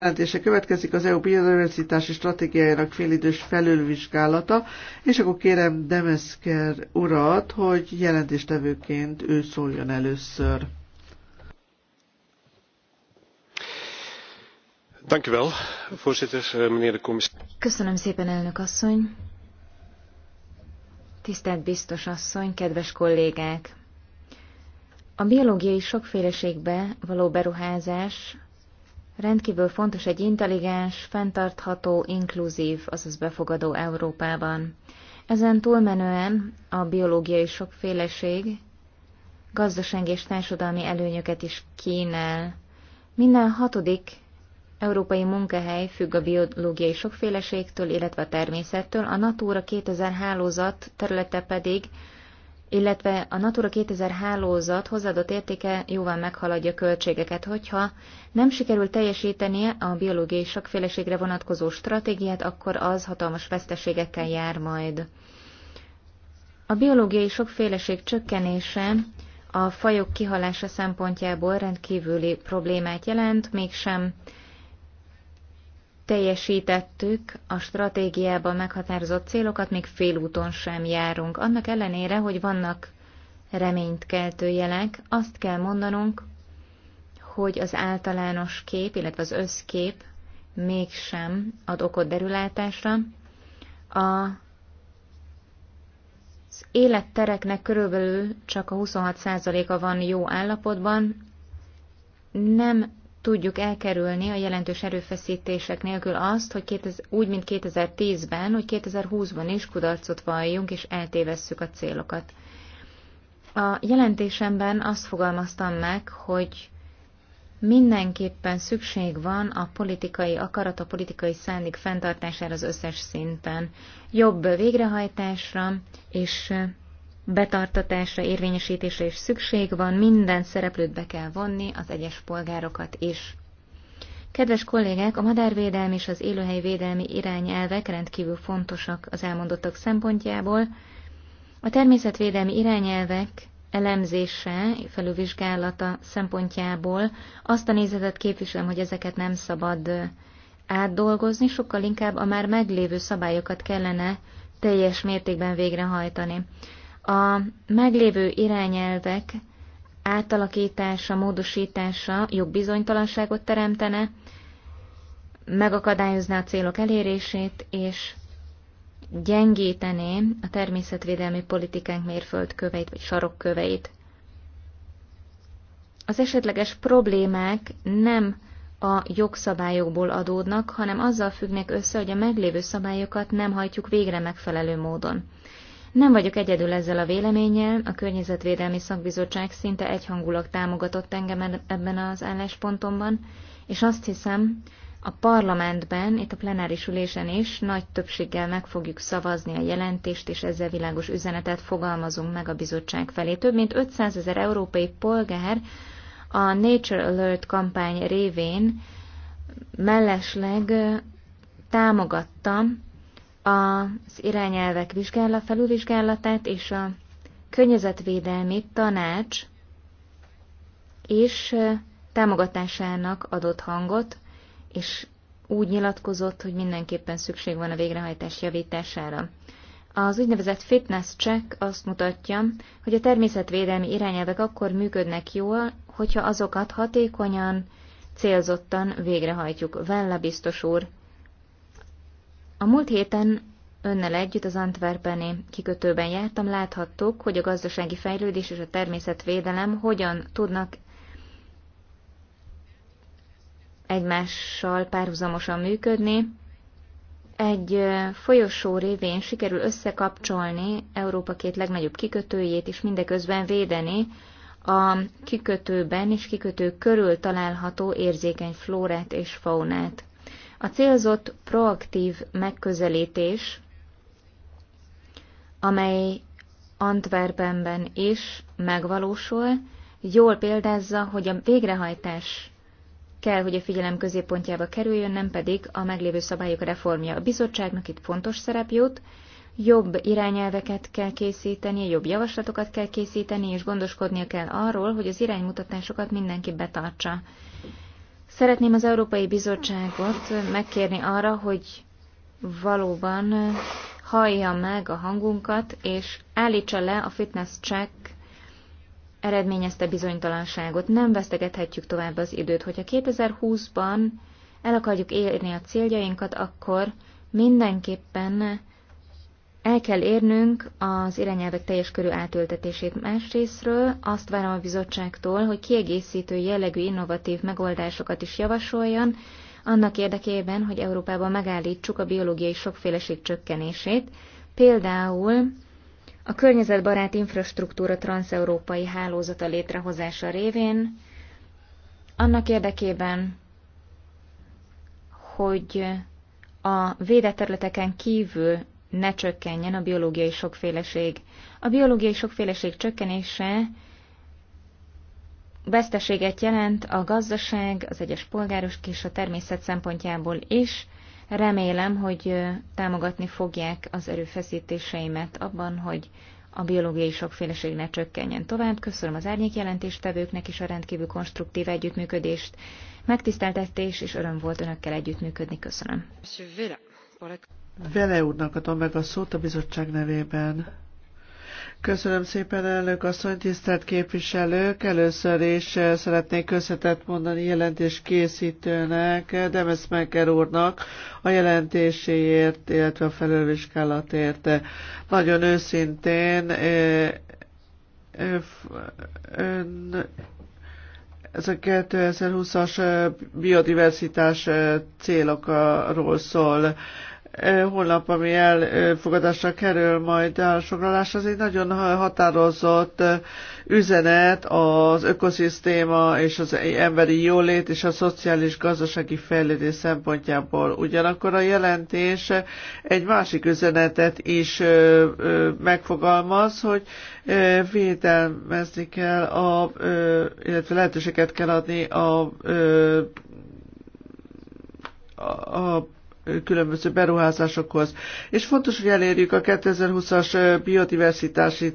jelentése következik az EU biodiversitási stratégiájának félidős felülvizsgálata, és akkor kérem Demeszker urat, hogy jelentéstevőként ő szóljon először. Eh, Köszönöm szépen, elnök asszony. Tisztelt biztos asszony, kedves kollégák! A biológiai sokféleségbe való beruházás Rendkívül fontos egy intelligens, fenntartható, inkluzív, azaz befogadó Európában. Ezen túlmenően a biológiai sokféleség gazdasági és társadalmi előnyöket is kínál. Minden hatodik európai munkahely függ a biológiai sokféleségtől, illetve a természettől, a Natura 2000 hálózat területe pedig illetve a Natura 2000 hálózat hozzáadott értéke jóval meghaladja költségeket, hogyha nem sikerül teljesítenie a biológiai sokféleségre vonatkozó stratégiát, akkor az hatalmas veszteségekkel jár majd. A biológiai sokféleség csökkenése a fajok kihalása szempontjából rendkívüli problémát jelent, mégsem teljesítettük a stratégiában meghatározott célokat, még félúton sem járunk. Annak ellenére, hogy vannak reményt keltő jelek, azt kell mondanunk, hogy az általános kép, illetve az összkép mégsem ad okot derülátásra. A, az élettereknek körülbelül csak a 26%-a van jó állapotban, nem tudjuk elkerülni a jelentős erőfeszítések nélkül azt, hogy 2000, úgy, mint 2010-ben, hogy 2020-ban is kudarcot valljunk és eltévesszük a célokat. A jelentésemben azt fogalmaztam meg, hogy mindenképpen szükség van a politikai akarat, a politikai szándék fenntartására az összes szinten. Jobb végrehajtásra és betartatásra, érvényesítésre is szükség van, minden szereplőt be kell vonni, az egyes polgárokat is. Kedves kollégák, a madárvédelmi és az élőhelyvédelmi irányelvek rendkívül fontosak az elmondottak szempontjából. A természetvédelmi irányelvek elemzése, felülvizsgálata szempontjából azt a nézetet képviselem, hogy ezeket nem szabad átdolgozni, sokkal inkább a már meglévő szabályokat kellene teljes mértékben végrehajtani. A meglévő irányelvek átalakítása, módosítása jogbizonytalanságot teremtene, megakadályozná a célok elérését, és gyengítené a természetvédelmi politikánk mérföldköveit vagy sarokköveit. Az esetleges problémák nem a jogszabályokból adódnak, hanem azzal függnek össze, hogy a meglévő szabályokat nem hajtjuk végre megfelelő módon. Nem vagyok egyedül ezzel a véleménnyel, a Környezetvédelmi Szakbizottság szinte egyhangulag támogatott engem ebben az álláspontomban, és azt hiszem, a parlamentben, itt a plenáris ülésen is nagy többséggel meg fogjuk szavazni a jelentést, és ezzel világos üzenetet fogalmazunk meg a bizottság felé. Több mint 500 ezer európai polgár a Nature Alert kampány révén mellesleg támogattam az irányelvek vizsgálat, felülvizsgálatát és a környezetvédelmi tanács és támogatásának adott hangot, és úgy nyilatkozott, hogy mindenképpen szükség van a végrehajtás javítására. Az úgynevezett fitness check azt mutatja, hogy a természetvédelmi irányelvek akkor működnek jól, hogyha azokat hatékonyan, célzottan végrehajtjuk. Vella biztos úr a múlt héten önnel együtt az Antwerpeni kikötőben jártam, láthattuk, hogy a gazdasági fejlődés és a természetvédelem hogyan tudnak egymással párhuzamosan működni. Egy folyosó révén sikerül összekapcsolni Európa két legnagyobb kikötőjét, és mindeközben védeni a kikötőben és kikötő körül található érzékeny flórát és faunát. A célzott proaktív megközelítés, amely Antwerpenben is megvalósul, jól példázza, hogy a végrehajtás kell, hogy a figyelem középpontjába kerüljön, nem pedig a meglévő szabályok reformja. A bizottságnak itt fontos szerep jut, jobb irányelveket kell készíteni, jobb javaslatokat kell készíteni, és gondoskodnia kell arról, hogy az iránymutatásokat mindenki betartsa. Szeretném az Európai Bizottságot megkérni arra, hogy valóban hallja meg a hangunkat, és állítsa le a fitness check eredményezte bizonytalanságot. Nem vesztegethetjük tovább az időt. Hogyha 2020-ban el akarjuk érni a céljainkat, akkor mindenképpen el kell érnünk az irányelvek teljes körű átültetését másrésztről, azt várom a bizottságtól, hogy kiegészítő jellegű innovatív megoldásokat is javasoljon, annak érdekében, hogy Európában megállítsuk a biológiai sokféleség csökkenését, például a környezetbarát infrastruktúra transeurópai hálózata létrehozása révén, annak érdekében, hogy a védett területeken kívül ne csökkenjen a biológiai sokféleség. A biológiai sokféleség csökkenése veszteséget jelent a gazdaság, az egyes polgárok és a természet szempontjából is. Remélem, hogy támogatni fogják az erőfeszítéseimet abban, hogy a biológiai sokféleség ne csökkenjen tovább. Köszönöm az árnyékjelentéstevőknek is a rendkívül konstruktív együttműködést. Megtiszteltetés és öröm volt önökkel együttműködni. Köszönöm. Vele úrnak adom meg a szót a bizottság nevében. Köszönöm szépen, elnök asszony, tisztelt képviselők! Először is eh, szeretnék köszönetet mondani jelentés készítőnek, eh, Demeszmeker úrnak a jelentéséért, illetve a felülvizsgálatért. Nagyon őszintén eh, ön ez a 2020-as biodiversitás célokról szól holnap, ami elfogadásra kerül majd elsoglás, az egy nagyon határozott üzenet az ökoszisztéma és az e- emberi jólét és a szociális gazdasági fejlődés szempontjából. Ugyanakkor a jelentés egy másik üzenetet is megfogalmaz, hogy védelmezni kell, a, illetve lehetőséget kell adni a, a, a különböző beruházásokhoz. És fontos, hogy elérjük a 2020-as biodiversitási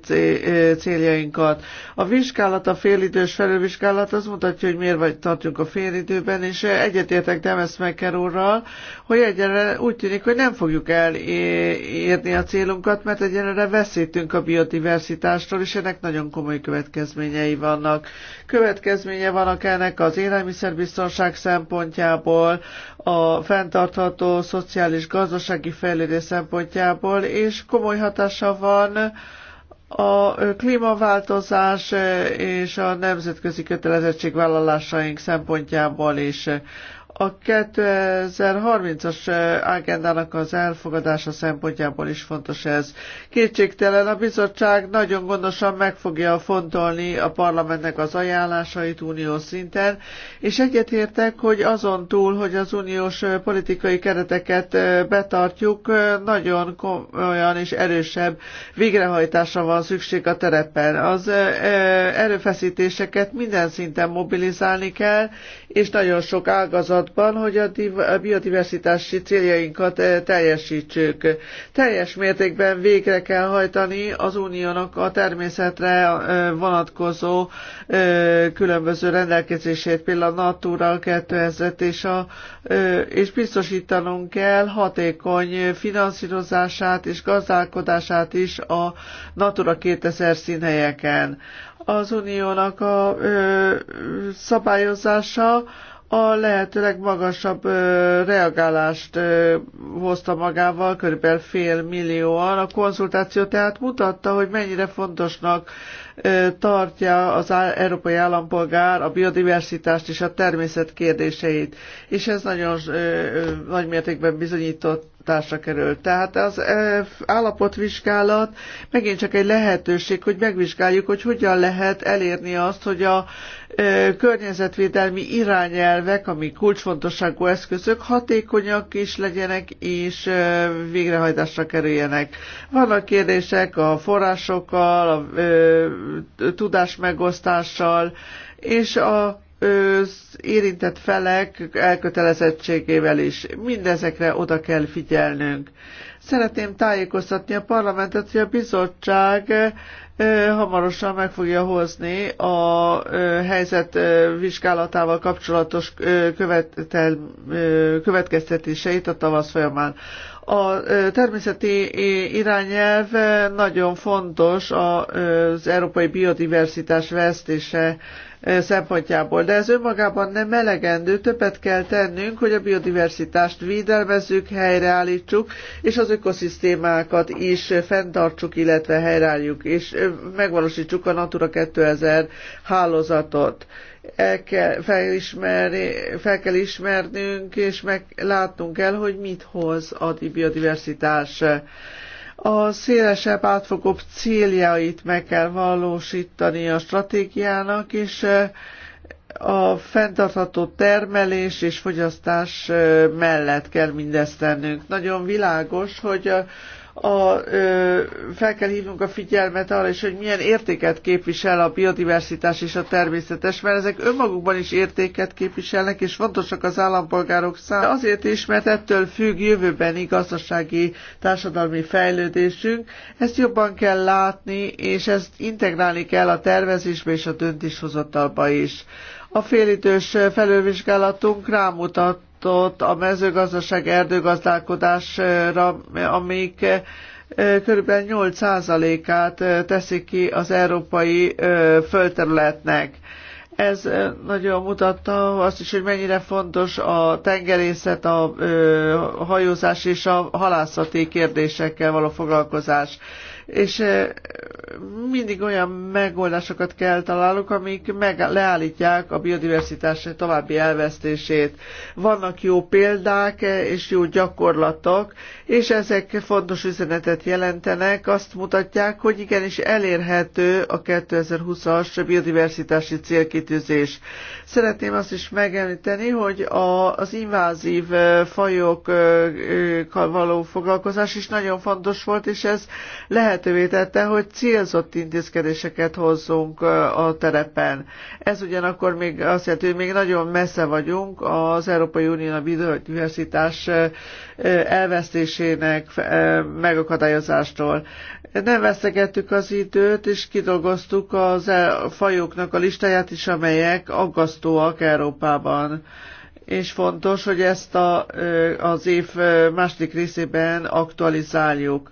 céljainkat. A vizsgálat, a félidős felülvizsgálat az mutatja, hogy miért vagy tartjuk a félidőben, és egyetértek Demes Mekker úrral, hogy egyenre úgy tűnik, hogy nem fogjuk elérni a célunkat, mert egyenre veszítünk a biodiversitástól, és ennek nagyon komoly következményei vannak. Következménye vannak ennek az élelmiszerbiztonság szempontjából, a fenntartható szociális gazdasági fejlődés szempontjából, és komoly hatása van a klímaváltozás és a nemzetközi kötelezettségvállalásaink szempontjából is a 2030-as eh, agendának az elfogadása szempontjából is fontos ez. Kétségtelen a bizottság nagyon gondosan meg fogja fontolni a parlamentnek az ajánlásait uniós szinten, és egyetértek, hogy azon túl, hogy az uniós eh, politikai kereteket eh, betartjuk, nagyon komolyan és erősebb végrehajtásra van szükség a terepen. Az erőfeszítéseket minden szinten mobilizálni kell, és nagyon sok ágazat kapcsolatban, hogy a, a biodiversitási céljainkat eh, teljesítsük. Teljes mértékben végre kell hajtani az uniónak a természetre eh, vonatkozó eh, különböző rendelkezését, például a Natura 2000 és, a, és biztosítanunk kell hatékony finanszírozását és gazdálkodását is a Natura 2000 színhelyeken az uniónak a ö, szabályozása a lehetőleg magasabb ö, reagálást ö, hozta magával, körülbelül fél millióan. A konzultáció tehát mutatta, hogy mennyire fontosnak tartja az európai állampolgár a biodiversitást és a természet kérdéseit. És ez nagyon nagy mértékben bizonyított társra került. Tehát az állapotvizsgálat megint csak egy lehetőség, hogy megvizsgáljuk, hogy hogyan lehet elérni azt, hogy a környezetvédelmi irányelvek, ami kulcsfontosságú eszközök, hatékonyak is legyenek, és végrehajtásra kerüljenek. Vannak kérdések a forrásokkal, a tudásmegosztással, és a az érintett felek elkötelezettségével is. Mindezekre oda kell figyelnünk. Szeretném tájékoztatni a parlamentet, hogy a bizottság hamarosan meg fogja hozni a helyzet vizsgálatával kapcsolatos követel, következtetéseit a tavasz folyamán. A természeti irányelv nagyon fontos az európai biodiversitás vesztése szempontjából, de ez önmagában nem elegendő, többet kell tennünk, hogy a biodiversitást védelmezzük, helyreállítsuk, és az ökoszisztémákat is fenntartsuk, illetve helyreálljuk, és megvalósítsuk a Natura 2000 hálózatot. El kell, felismerni, fel kell ismernünk, és meg látnunk el, hogy mit hoz a biodiversitás a szélesebb átfogóbb céljait meg kell valósítani a stratégiának, és eh, a fenntartható termelés és fogyasztás eh, mellett kell mindezt tennünk. Nagyon világos, hogy eh, a, ö, fel kell hívnunk a figyelmet arra is, hogy milyen értéket képvisel a biodiversitás és a természetes, mert ezek önmagukban is értéket képviselnek, és fontosak az állampolgárok számára. Azért is, mert ettől függ jövőbeni gazdasági, társadalmi fejlődésünk. Ezt jobban kell látni, és ezt integrálni kell a tervezésbe és a döntéshozatalba is. A félidős felülvizsgálatunk rámutat pontot a mezőgazdaság erdőgazdálkodásra, amik körülbelül 8%-át teszik ki az európai földterületnek. Ez nagyon mutatta azt is, hogy mennyire fontos a tengerészet, a hajózás és a halászati kérdésekkel való foglalkozás és mindig olyan megoldásokat kell találnunk, amik meg, leállítják a biodiversitás további elvesztését. Vannak jó példák és jó gyakorlatok, és ezek fontos üzenetet jelentenek, azt mutatják, hogy igenis elérhető a 2020-as biodiversitási célkitűzés. Szeretném azt is megemlíteni, hogy a, az invázív fajokkal való foglalkozás is nagyon fontos volt, és ez lehet lehetővé tette, hogy célzott intézkedéseket hozzunk a terepen. Ez ugyanakkor még azt jelenti, hogy még nagyon messze vagyunk az Európai Unió biodiversitás elvesztésének megakadályozástól. Nem vesztegettük az időt, és kidolgoztuk az e, fajoknak a listáját is, amelyek aggasztóak Európában és fontos, hogy ezt a, az év második részében aktualizáljuk.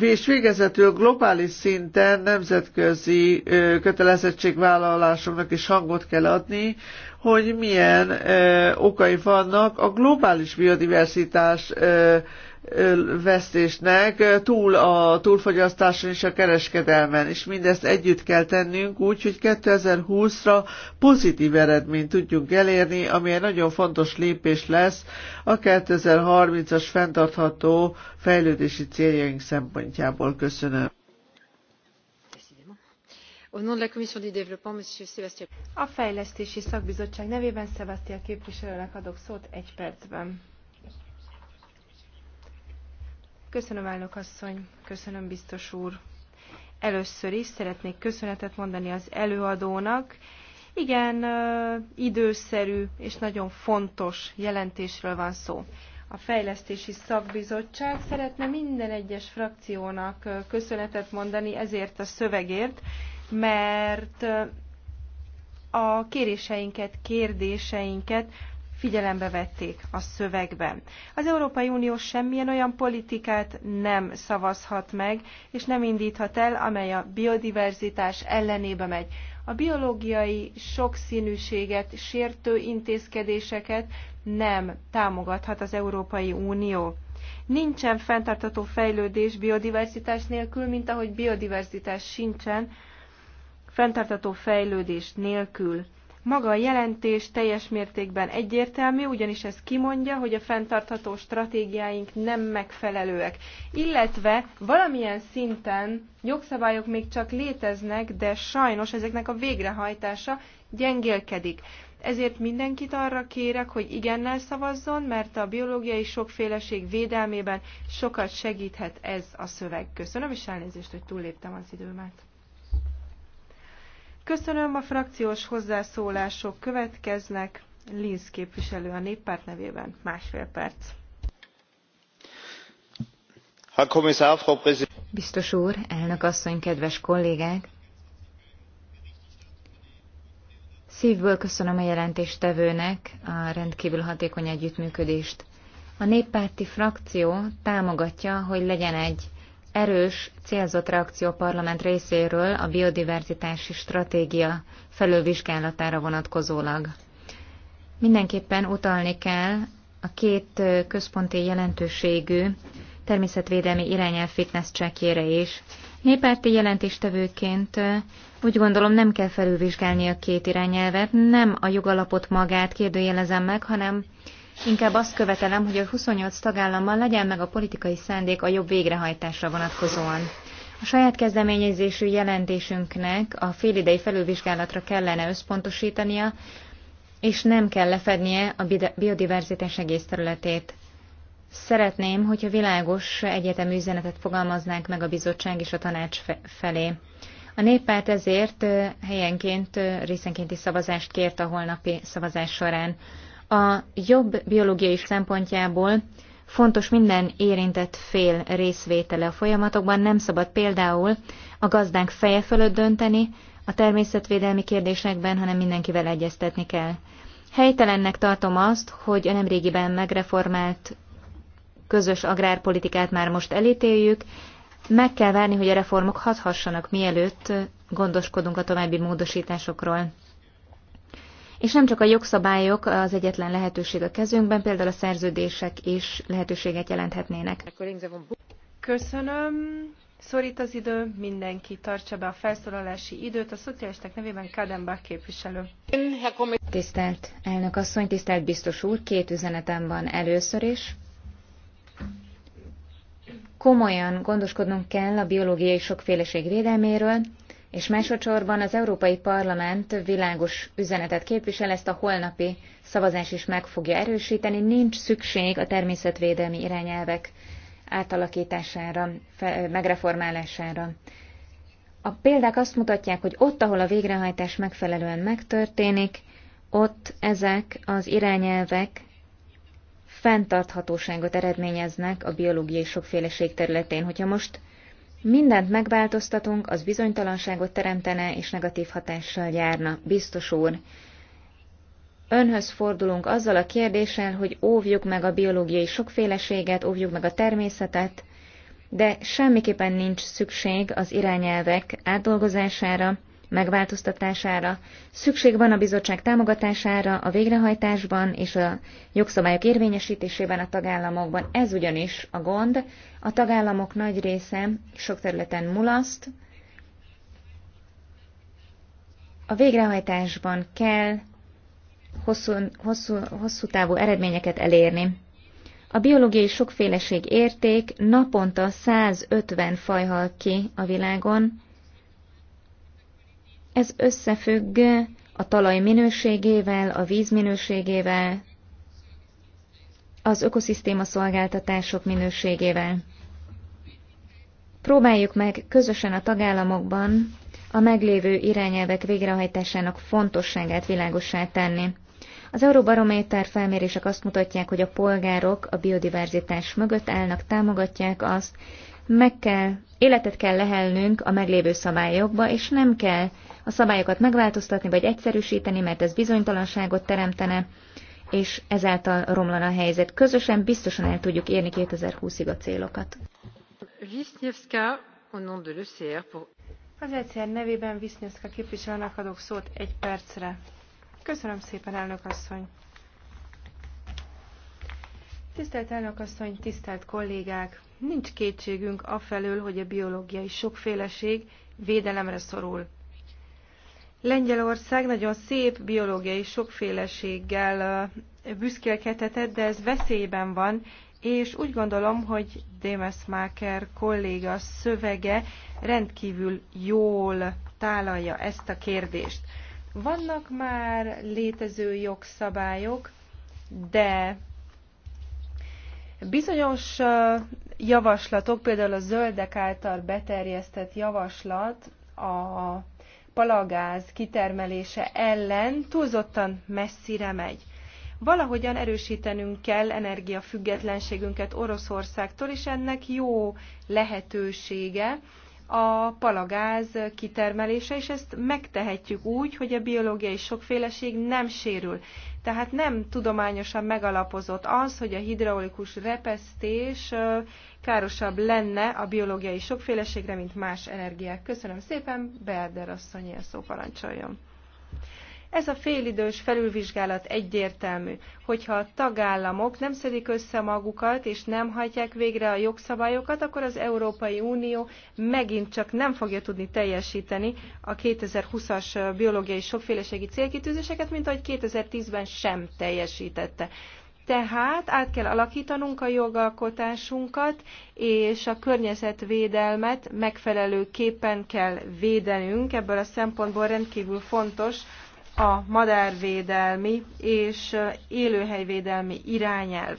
És végezetül globális szinten nemzetközi kötelezettségvállalásoknak is hangot kell adni, hogy milyen okai vannak a globális biodiversitás vesztésnek, túl a túlfogyasztáson és a kereskedelmen, és mindezt együtt kell tennünk úgy, hogy 2020-ra pozitív eredményt tudjunk elérni, ami egy nagyon fontos lépés lesz a 2030-as fenntartható fejlődési céljaink szempontjából. Köszönöm. A Fejlesztési Szakbizottság nevében Sebastian képviselőnek adok szót egy percben. Köszönöm, elnök asszony, köszönöm, biztos úr. Először is szeretnék köszönetet mondani az előadónak. Igen, időszerű és nagyon fontos jelentésről van szó. A Fejlesztési Szakbizottság szeretne minden egyes frakciónak köszönetet mondani ezért a szövegért, mert a kéréseinket, kérdéseinket figyelembe vették a szövegben. Az Európai Unió semmilyen olyan politikát nem szavazhat meg, és nem indíthat el, amely a biodiverzitás ellenébe megy. A biológiai sokszínűséget sértő intézkedéseket nem támogathat az Európai Unió. Nincsen fenntartató fejlődés biodiverzitás nélkül, mint ahogy biodiverzitás sincsen fenntartató fejlődés nélkül. Maga a jelentés teljes mértékben egyértelmű, ugyanis ez kimondja, hogy a fenntartható stratégiáink nem megfelelőek. Illetve valamilyen szinten jogszabályok még csak léteznek, de sajnos ezeknek a végrehajtása gyengélkedik. Ezért mindenkit arra kérek, hogy igennel szavazzon, mert a biológiai sokféleség védelmében sokat segíthet ez a szöveg. Köszönöm, és elnézést, hogy túlléptem az időmet. Köszönöm, a frakciós hozzászólások következnek. Linz képviselő a néppárt nevében. Másfél perc. Biztos úr, elnök asszony, kedves kollégák! Szívből köszönöm a jelentéstevőnek a rendkívül hatékony együttműködést. A néppárti frakció támogatja, hogy legyen egy erős, célzott reakció a parlament részéről a biodiverzitási stratégia felülvizsgálatára vonatkozólag. Mindenképpen utalni kell a két központi jelentőségű természetvédelmi irányel fitness csekjére is. Néppárti jelentéstevőként úgy gondolom nem kell felülvizsgálni a két irányelvet, nem a jogalapot magát kérdőjelezem meg, hanem Inkább azt követelem, hogy a 28 tagállammal legyen meg a politikai szándék a jobb végrehajtásra vonatkozóan. A saját kezdeményezésű jelentésünknek a félidei felülvizsgálatra kellene összpontosítania, és nem kell lefednie a biodiverzitás egész területét. Szeretném, hogyha világos egyetemű üzenetet fogalmaznánk meg a bizottság és a tanács felé. A néppárt ezért helyenként részenkénti szavazást kért a holnapi szavazás során. A jobb biológiai szempontjából fontos minden érintett fél részvétele a folyamatokban, nem szabad például a gazdánk feje fölött dönteni a természetvédelmi kérdésekben, hanem mindenkivel egyeztetni kell. Helytelennek tartom azt, hogy a nemrégiben megreformált közös agrárpolitikát már most elítéljük, meg kell várni, hogy a reformok hathassanak, mielőtt gondoskodunk a további módosításokról. És nem csak a jogszabályok az egyetlen lehetőség a kezünkben, például a szerződések is lehetőséget jelenthetnének. Köszönöm. Szorít az idő, mindenki tartsa be a felszólalási időt. A szocialisták nevében Kadenbach képviselő. Tisztelt elnök asszony, tisztelt biztos úr, két üzenetem van először is. Komolyan gondoskodnunk kell a biológiai sokféleség védelméről, és másodszorban az Európai Parlament világos üzenetet képvisel, ezt a holnapi szavazás is meg fogja erősíteni. Nincs szükség a természetvédelmi irányelvek átalakítására, megreformálására. A példák azt mutatják, hogy ott, ahol a végrehajtás megfelelően megtörténik, ott ezek az irányelvek fenntarthatóságot eredményeznek a biológiai sokféleség területén. Hogyha most mindent megváltoztatunk, az bizonytalanságot teremtene és negatív hatással járna, biztos úr. Önhöz fordulunk azzal a kérdéssel, hogy óvjuk meg a biológiai sokféleséget, óvjuk meg a természetet, de semmiképpen nincs szükség az irányelvek átdolgozására, megváltoztatására. Szükség van a bizottság támogatására a végrehajtásban és a jogszabályok érvényesítésében a tagállamokban. Ez ugyanis a gond. A tagállamok nagy része sok területen mulaszt. A végrehajtásban kell hosszú, hosszú, hosszú távú eredményeket elérni. A biológiai sokféleség érték naponta 150 faj hal ki a világon, ez összefügg a talaj minőségével, a víz minőségével, az ökoszisztéma szolgáltatások minőségével. Próbáljuk meg közösen a tagállamokban a meglévő irányelvek végrehajtásának fontosságát világossá tenni. Az Euróbarométer felmérések azt mutatják, hogy a polgárok a biodiverzitás mögött állnak, támogatják azt, meg kell, életet kell lehelnünk a meglévő szabályokba, és nem kell a szabályokat megváltoztatni vagy egyszerűsíteni, mert ez bizonytalanságot teremtene, és ezáltal romlana a helyzet. Közösen biztosan el tudjuk érni 2020-ig a célokat. Az ECR nevében Visnyevska képviselőnek adok szót egy percre. Köszönöm szépen, elnök asszony! Tisztelt elnök asszony, tisztelt kollégák! Nincs kétségünk afelől, hogy a biológiai sokféleség védelemre szorul. Lengyelország nagyon szép biológiai sokféleséggel büszkélkedhetett, de ez veszélyben van, és úgy gondolom, hogy Démesmaker kolléga szövege rendkívül jól tálalja ezt a kérdést. Vannak már létező jogszabályok, de bizonyos javaslatok, például a zöldek által beterjesztett javaslat a palagáz kitermelése ellen túlzottan messzire megy. Valahogyan erősítenünk kell energiafüggetlenségünket Oroszországtól, és ennek jó lehetősége a palagáz kitermelése, és ezt megtehetjük úgy, hogy a biológiai sokféleség nem sérül. Tehát nem tudományosan megalapozott az, hogy a hidraulikus repesztés károsabb lenne a biológiai sokféleségre, mint más energiák. Köszönöm szépen, Beerder asszony, szó parancsoljon. Ez a félidős felülvizsgálat egyértelmű, hogyha a tagállamok nem szedik össze magukat és nem hajtják végre a jogszabályokat, akkor az Európai Unió megint csak nem fogja tudni teljesíteni a 2020-as biológiai sokféleségi célkitűzéseket, mint ahogy 2010-ben sem teljesítette. Tehát át kell alakítanunk a jogalkotásunkat, és a környezetvédelmet megfelelőképpen kell védenünk. Ebből a szempontból rendkívül fontos a madárvédelmi és élőhelyvédelmi irányelv.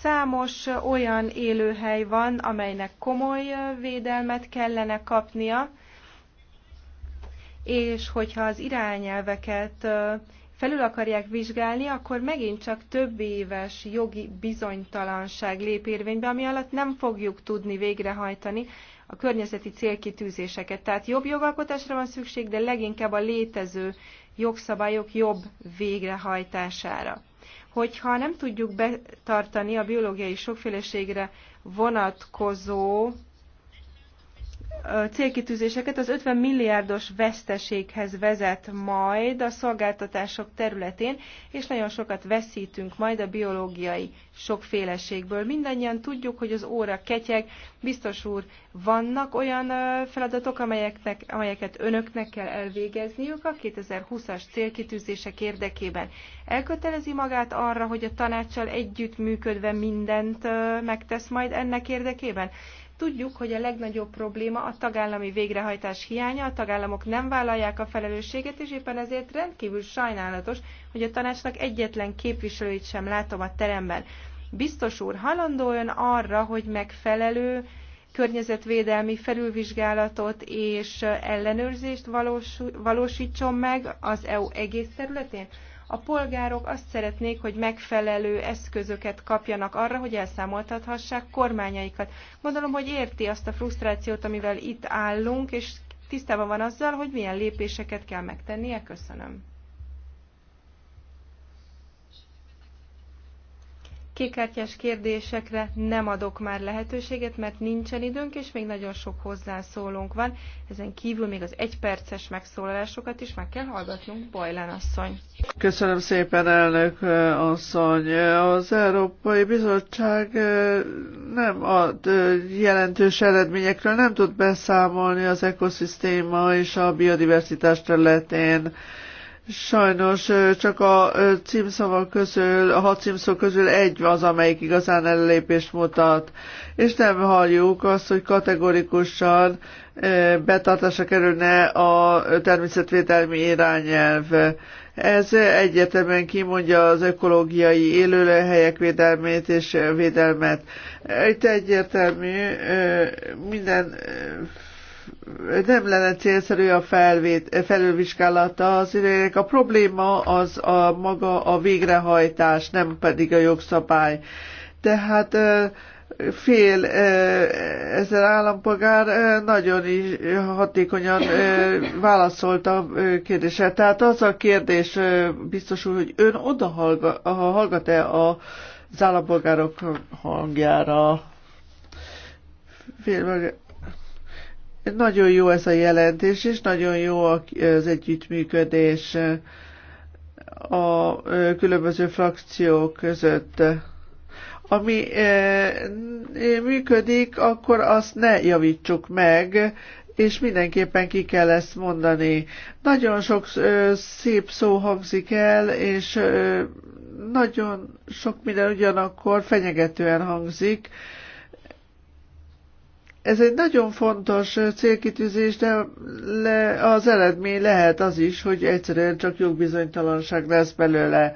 Számos olyan élőhely van, amelynek komoly védelmet kellene kapnia, és hogyha az irányelveket felül akarják vizsgálni, akkor megint csak több éves jogi bizonytalanság lép érvénybe, ami alatt nem fogjuk tudni végrehajtani a környezeti célkitűzéseket. Tehát jobb jogalkotásra van szükség, de leginkább a létező jogszabályok jobb végrehajtására. Hogyha nem tudjuk betartani a biológiai sokféleségre vonatkozó célkitűzéseket, az 50 milliárdos veszteséghez vezet majd a szolgáltatások területén, és nagyon sokat veszítünk majd a biológiai sokféleségből. Mindannyian tudjuk, hogy az óra ketyeg, biztos úr, vannak olyan feladatok, amelyeknek, amelyeket önöknek kell elvégezniük a 2020-as célkitűzések érdekében. Elkötelezi magát arra, hogy a tanácssal együttműködve mindent megtesz majd ennek érdekében? Tudjuk, hogy a legnagyobb probléma a tagállami végrehajtás hiánya, a tagállamok nem vállalják a felelősséget, és éppen ezért rendkívül sajnálatos, hogy a tanácsnak egyetlen képviselőit sem látom a teremben. Biztos úr, halandó ön arra, hogy megfelelő környezetvédelmi felülvizsgálatot és ellenőrzést valósítson meg az EU egész területén? A polgárok azt szeretnék, hogy megfelelő eszközöket kapjanak arra, hogy elszámoltathassák kormányaikat. Gondolom, hogy érti azt a frusztrációt, amivel itt állunk, és tisztában van azzal, hogy milyen lépéseket kell megtennie. Köszönöm. kékkártyás kérdésekre nem adok már lehetőséget, mert nincsen időnk, és még nagyon sok hozzászólónk van. Ezen kívül még az egyperces megszólalásokat is meg kell hallgatnunk, Bajlán asszony. Köszönöm szépen, elnök asszony. Az Európai Bizottság nem ad jelentős eredményekről, nem tud beszámolni az ekoszisztéma és a biodiversitás területén Sajnos csak a címszavak közül, a hat címszó közül egy az, amelyik igazán ellépést mutat. És nem halljuk azt, hogy kategorikusan betartásra kerülne a természetvédelmi irányelv. Ez egyetemen kimondja az ökológiai élőhelyek védelmét és védelmet. Itt egyértelmű minden nem lenne célszerű a felvét, felülvizsgálata az idejének. A probléma az a maga a végrehajtás, nem pedig a jogszabály. Tehát fél ezer állampolgár nagyon is hatékonyan válaszolt a kérdésre. Tehát az a kérdés biztos hogy ön oda hallgat-e hallgat az állampolgárok hangjára? Fél, nagyon jó ez a jelentés, és nagyon jó az együttműködés a különböző frakciók között ami működik, akkor azt ne javítsuk meg, és mindenképpen ki kell ezt mondani. Nagyon sok szép szó hangzik el, és nagyon sok minden ugyanakkor fenyegetően hangzik, ez egy nagyon fontos célkitűzés, de le, az eredmény lehet az is, hogy egyszerűen csak jogbizonytalanság lesz belőle.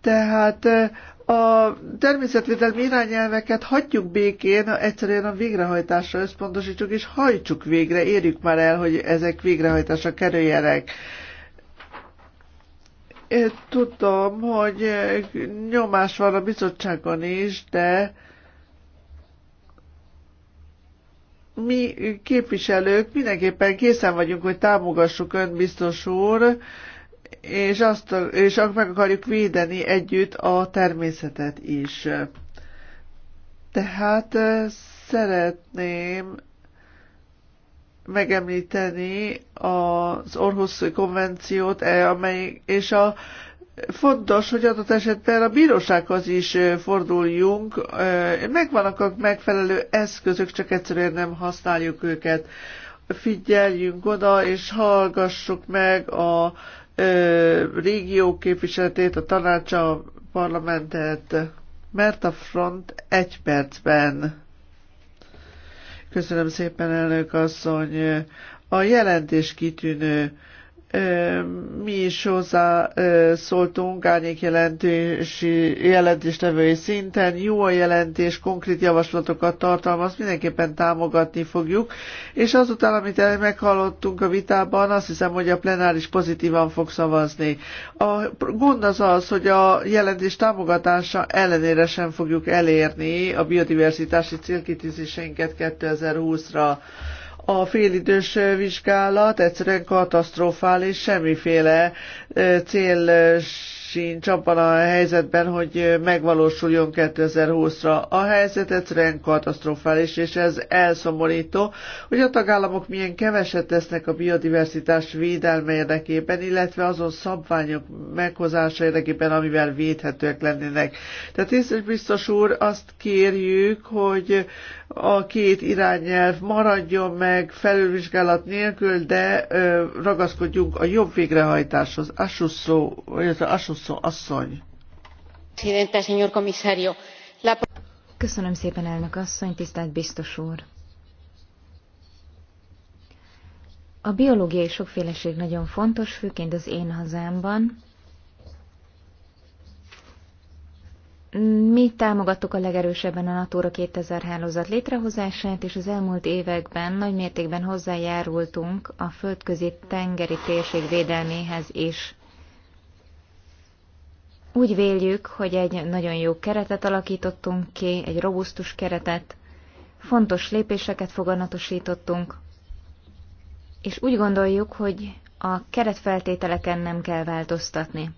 Tehát eh, a természetvédelmi irányelveket hagyjuk békén, egyszerűen a végrehajtásra összpontosítsuk, és hajtsuk végre, érjük már el, hogy ezek végrehajtásra kerüljenek. Én tudom, hogy nyomás van a bizottságon is, de mi képviselők mindenképpen készen vagyunk, hogy támogassuk ön biztos úr, és, azt, és meg akarjuk védeni együtt a természetet is. Tehát szeretném megemlíteni az Orhusz konvenciót, eh, amely, és a fontos, hogy adott esetben a bírósághoz is forduljunk. Megvannak a megfelelő eszközök, csak egyszerűen nem használjuk őket. Figyeljünk oda, és hallgassuk meg a régió képviseletét, a tanácsa, a parlamentet, mert a front egy percben. Köszönöm szépen, elnök asszony. A jelentés kitűnő mi is hozzá szóltunk árnyék jelentési, jelentéstevői szinten. Jó a jelentés, konkrét javaslatokat tartalmaz, mindenképpen támogatni fogjuk. És azután, amit meghallottunk a vitában, azt hiszem, hogy a plenáris pozitívan fog szavazni. A gond az az, hogy a jelentés támogatása ellenére sem fogjuk elérni a biodiverzitási célkitűzéseinket 2020-ra. A félidős vizsgálat egyszerűen katasztrofális, semmiféle cél sincs abban a helyzetben, hogy megvalósuljon 2020-ra. A helyzet egyszerűen katasztrofális, és ez elszomorító, hogy a tagállamok milyen keveset tesznek a biodiversitás védelme érdekében, illetve azon szabványok meghozása érdekében, amivel védhetőek lennének. Tehát észre biztos úr, azt kérjük, hogy a két irányelv maradjon meg felülvizsgálat nélkül, de ragaszkodjunk a jobb végrehajtáshoz. Assusszó, Assusszó Ayuso asszony. Köszönöm szépen, elnök asszony, tisztelt biztos úr. A biológiai sokféleség nagyon fontos, főként az én hazámban. Mi támogattuk a legerősebben a Natura 2000 hálózat létrehozását, és az elmúlt években nagy mértékben hozzájárultunk a földközi tengeri térség védelméhez is. Úgy véljük, hogy egy nagyon jó keretet alakítottunk ki, egy robusztus keretet, fontos lépéseket foganatosítottunk, és úgy gondoljuk, hogy a keretfeltételeken nem kell változtatni.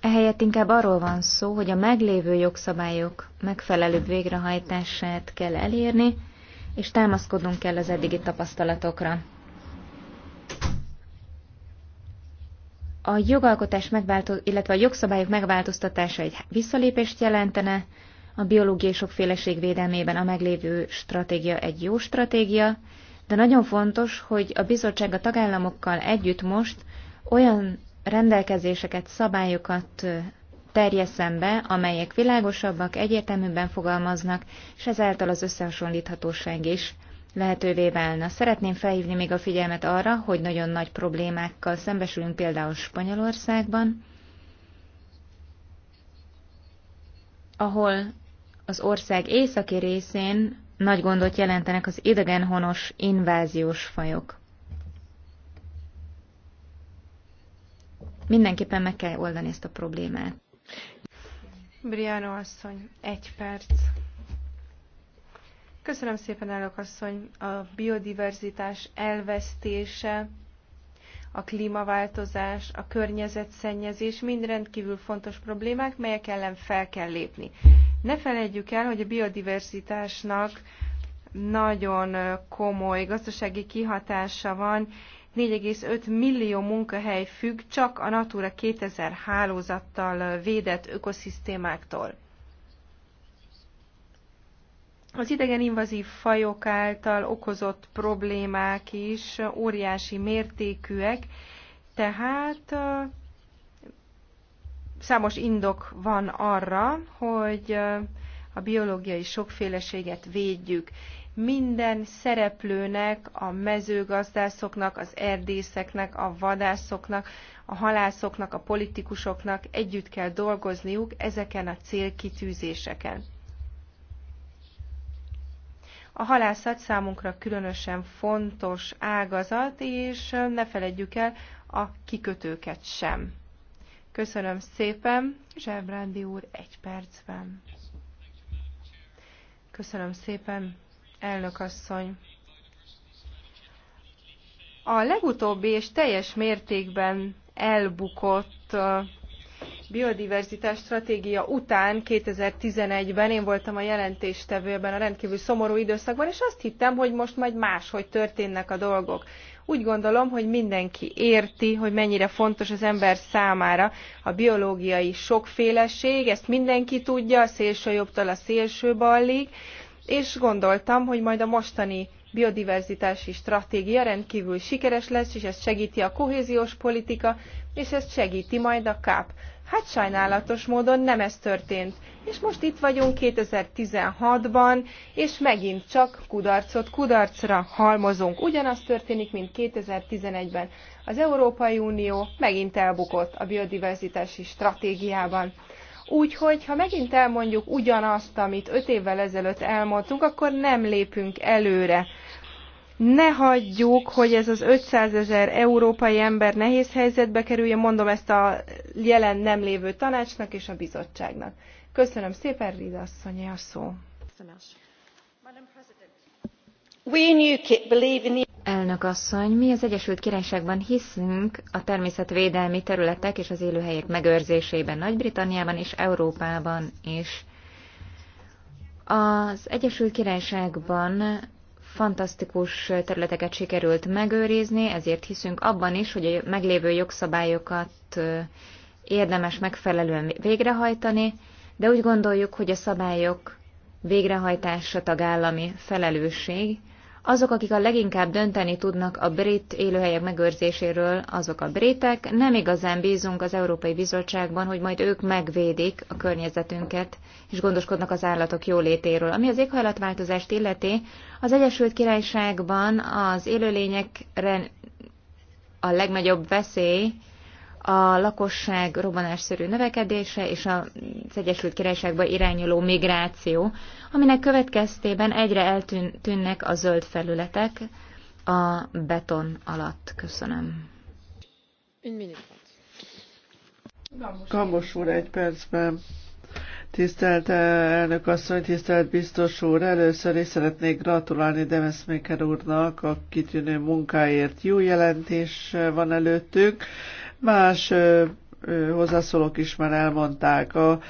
Ehelyett inkább arról van szó, hogy a meglévő jogszabályok megfelelőbb végrehajtását kell elérni, és támaszkodnunk kell az eddigi tapasztalatokra. a jogalkotás megváltoz, illetve a jogszabályok megváltoztatása egy visszalépést jelentene, a biológiai sokféleség védelmében a meglévő stratégia egy jó stratégia, de nagyon fontos, hogy a bizottság a tagállamokkal együtt most olyan rendelkezéseket, szabályokat terjeszem be, amelyek világosabbak, egyértelműbben fogalmaznak, és ezáltal az összehasonlíthatóság is lehetővé válna. Szeretném felhívni még a figyelmet arra, hogy nagyon nagy problémákkal szembesülünk például Spanyolországban, ahol az ország északi részén nagy gondot jelentenek az idegenhonos inváziós fajok. Mindenképpen meg kell oldani ezt a problémát. Briano asszony, egy perc. Köszönöm szépen, elnök asszony. A biodiverzitás elvesztése, a klímaváltozás, a környezetszennyezés mind rendkívül fontos problémák, melyek ellen fel kell lépni. Ne felejtjük el, hogy a biodiverzitásnak nagyon komoly gazdasági kihatása van, 4,5 millió munkahely függ csak a Natura 2000 hálózattal védett ökoszisztémáktól. Az idegen invazív fajok által okozott problémák is óriási mértékűek, tehát számos indok van arra, hogy a biológiai sokféleséget védjük. Minden szereplőnek, a mezőgazdászoknak, az erdészeknek, a vadászoknak, a halászoknak, a politikusoknak együtt kell dolgozniuk ezeken a célkitűzéseken. A halászat számunkra különösen fontos ágazat, és ne feledjük el a kikötőket sem. Köszönöm szépen, Zsebrándi úr, egy percben. Köszönöm szépen, elnök asszony. A legutóbbi és teljes mértékben elbukott biodiverzitás stratégia után 2011-ben én voltam a jelentéstevő ebben a rendkívül szomorú időszakban, és azt hittem, hogy most majd máshogy történnek a dolgok. Úgy gondolom, hogy mindenki érti, hogy mennyire fontos az ember számára a biológiai sokféleség, ezt mindenki tudja, a szélső jobbtól a szélső ballig, és gondoltam, hogy majd a mostani biodiverzitási stratégia rendkívül sikeres lesz, és ezt segíti a kohéziós politika, és ezt segíti majd a KAP. Hát sajnálatos módon nem ez történt. És most itt vagyunk 2016-ban, és megint csak kudarcot kudarcra halmozunk. Ugyanaz történik, mint 2011-ben. Az Európai Unió megint elbukott a biodiverzitási stratégiában. Úgyhogy, ha megint elmondjuk ugyanazt, amit öt évvel ezelőtt elmondtunk, akkor nem lépünk előre ne hagyjuk, hogy ez az 500 ezer európai ember nehéz helyzetbe kerüljön, mondom ezt a jelen nem lévő tanácsnak és a bizottságnak. Köszönöm szépen, Rida asszonyi a szó. Elnök asszony, mi az Egyesült Királyságban hiszünk a természetvédelmi területek és az élőhelyek megőrzésében Nagy-Britanniában és Európában is. Az Egyesült Királyságban fantasztikus területeket sikerült megőrizni, ezért hiszünk abban is, hogy a meglévő jogszabályokat érdemes megfelelően végrehajtani, de úgy gondoljuk, hogy a szabályok végrehajtása tagállami felelősség, azok, akik a leginkább dönteni tudnak a brit élőhelyek megőrzéséről, azok a britek. Nem igazán bízunk az Európai Bizottságban, hogy majd ők megvédik a környezetünket, és gondoskodnak az állatok jólétéről. Ami az éghajlatváltozást illeti, az Egyesült Királyságban az élőlényekre a legnagyobb veszély a lakosság robbanásszerű növekedése és az Egyesült Királyságba irányuló migráció, aminek következtében egyre eltűnnek a zöld felületek a beton alatt. Köszönöm. Kamos úr, egy percben. Tisztelt eh, elnök asszony, tisztelt biztos úr, először is szeretnék gratulálni Demeszméker úrnak a kitűnő munkáért. Jó jelentés eh, van előttük. Más hozzászólók is már elmondták. A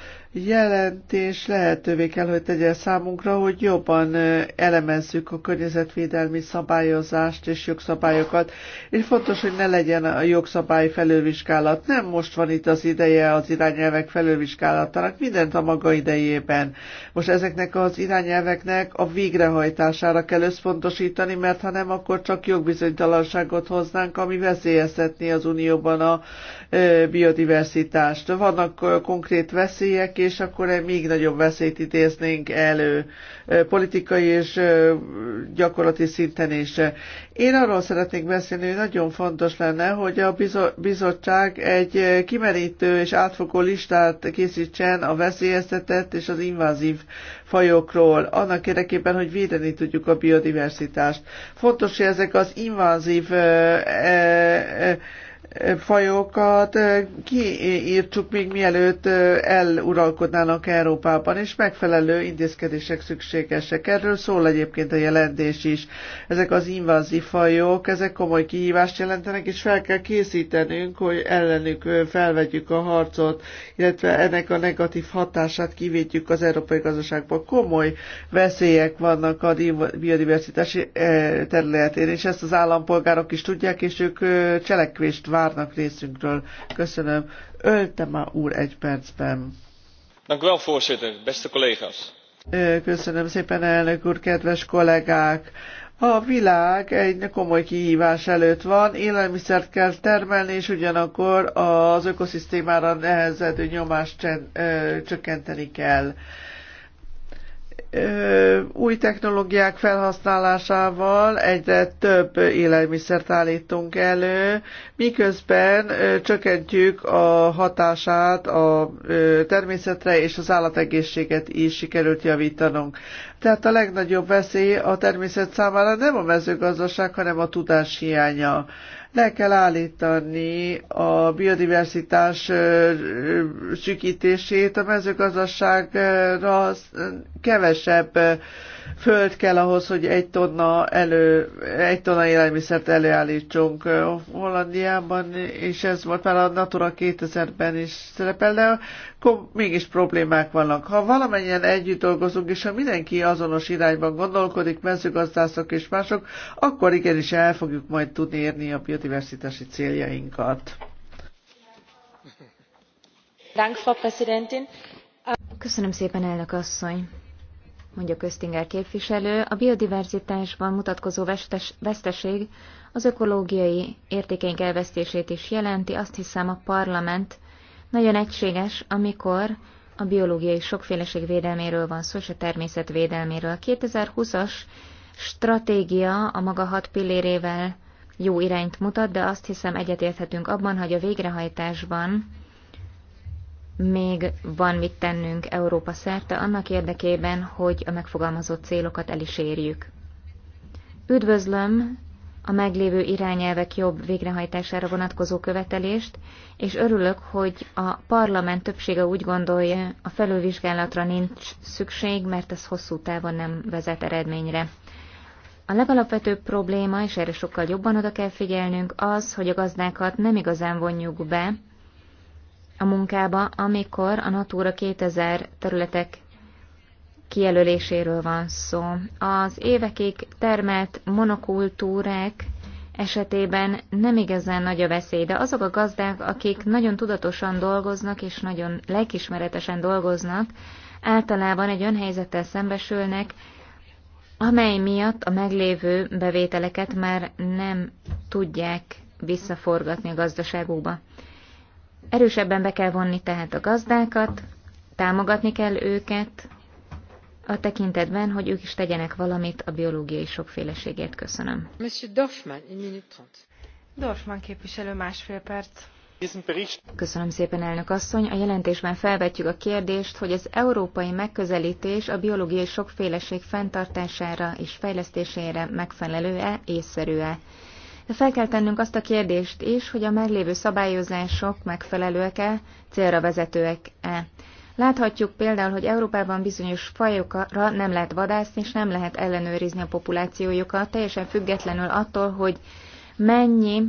jelentés lehetővé kell, hogy tegye számunkra, hogy jobban elemezzük a környezetvédelmi szabályozást és jogszabályokat, és fontos, hogy ne legyen a jogszabály felővizsgálat. Nem most van itt az ideje az irányelvek felővizsgálatának, mindent a maga idejében. Most ezeknek az irányelveknek a végrehajtására kell összpontosítani, mert ha nem, akkor csak jogbizonytalanságot hoznánk, ami veszélyeztetni az Unióban a biodiversitást. Vannak konkrét veszélyek, és és akkor még nagyobb veszélyt idéznénk elő politikai és gyakorlati szinten is. Én arról szeretnék beszélni, hogy nagyon fontos lenne, hogy a bizottság egy kimerítő és átfogó listát készítsen a veszélyeztetett és az invázív fajokról, annak érdekében, hogy védeni tudjuk a biodiversitást. Fontos, hogy ezek az invázív fajokat kiírtsuk még mielőtt eluralkodnának Európában, és megfelelő intézkedések szükségesek. Erről szól egyébként a jelentés is. Ezek az invazív fajok, ezek komoly kihívást jelentenek, és fel kell készítenünk, hogy ellenük felvegyük a harcot, illetve ennek a negatív hatását kivédjük az európai gazdaságban. Komoly veszélyek vannak a biodiversitási területén, és ezt az állampolgárok is tudják, és ők cselekvést vár várnak részünkről. Köszönöm. a úr egy percben. Dank u wel, voorzitter. Beste collega's. Köszönöm szépen, elnök úr, kedves kollégák! A világ egy komoly kihívás előtt van, élelmiszert kell termelni, és ugyanakkor az ökoszisztémára nehezedő nyomást csökkenteni kell új technológiák felhasználásával egyre több élelmiszert állítunk elő, miközben csökkentjük a hatását a természetre és az állategészséget is sikerült javítanunk. Tehát a legnagyobb veszély a természet számára nem a mezőgazdaság, hanem a tudás hiánya. Le kell állítani a biodiversitás sükítését, a mezőgazdaságra kevesebb föld kell ahhoz, hogy egy tonna, elő, egy tonna élelmiszert előállítsunk Hollandiában, és ez volt már a Natura 2000-ben is szerepel, de akkor mégis problémák vannak. Ha valamennyien együtt dolgozunk, és ha mindenki azonos irányban gondolkodik, mezőgazdászok és mások, akkor igenis el fogjuk majd tudni érni a biodiversitási céljainkat. Köszönöm szépen, elnök asszony! mondja Köztinger képviselő, a biodiverzitásban mutatkozó veszteség az ökológiai értékeink elvesztését is jelenti. Azt hiszem a parlament nagyon egységes, amikor a biológiai sokféleség védelméről van szó, és a természet védelméről. A 2020-as stratégia a maga hat pillérével jó irányt mutat, de azt hiszem egyetérthetünk abban, hogy a végrehajtásban még van mit tennünk Európa szerte annak érdekében, hogy a megfogalmazott célokat el is érjük. Üdvözlöm a meglévő irányelvek jobb végrehajtására vonatkozó követelést, és örülök, hogy a parlament többsége úgy gondolja, a felülvizsgálatra nincs szükség, mert ez hosszú távon nem vezet eredményre. A legalapvetőbb probléma, és erre sokkal jobban oda kell figyelnünk, az, hogy a gazdákat nem igazán vonjuk be a munkába, amikor a Natura 2000 területek kijelöléséről van szó. Az évekig termelt monokultúrák esetében nem igazán nagy a veszély, de azok a gazdák, akik nagyon tudatosan dolgoznak és nagyon lelkismeretesen dolgoznak, általában egy olyan szembesülnek, amely miatt a meglévő bevételeket már nem tudják visszaforgatni a gazdaságukba. Erősebben be kell vonni tehát a gazdákat, támogatni kell őket, a tekintetben, hogy ők is tegyenek valamit a biológiai sokféleségért. Köszönöm. Monsieur Dorfman, egy minut Dorfman képviselő másfél perc. Köszönöm szépen, elnök asszony. A jelentésben felvetjük a kérdést, hogy az európai megközelítés a biológiai sokféleség fenntartására és fejlesztésére megfelelő-e, észszerű-e de fel kell tennünk azt a kérdést is, hogy a meglévő szabályozások megfelelőek-e, célra vezetőek-e. Láthatjuk például, hogy Európában bizonyos fajokra nem lehet vadászni, és nem lehet ellenőrizni a populációjukat, teljesen függetlenül attól, hogy mennyi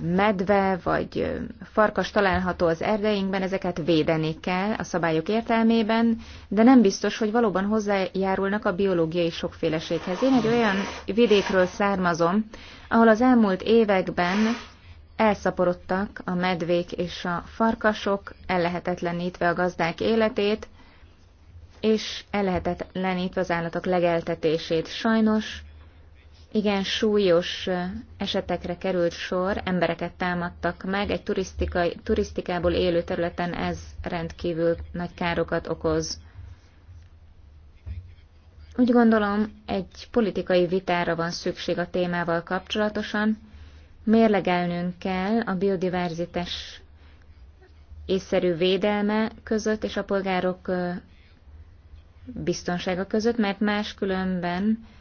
medve vagy farkas található az erdeinkben, ezeket védeni kell a szabályok értelmében, de nem biztos, hogy valóban hozzájárulnak a biológiai sokféleséghez. Én egy olyan vidékről származom, ahol az elmúlt években elszaporodtak a medvék és a farkasok, ellehetetlenítve a gazdák életét, és ellehetetlenítve az állatok legeltetését. Sajnos igen súlyos esetekre került sor, embereket támadtak meg, egy turisztikából élő területen ez rendkívül nagy károkat okoz. Úgy gondolom, egy politikai vitára van szükség a témával kapcsolatosan. Mérlegelnünk kell a biodiverzitás észszerű védelme között és a polgárok biztonsága között, mert máskülönben különben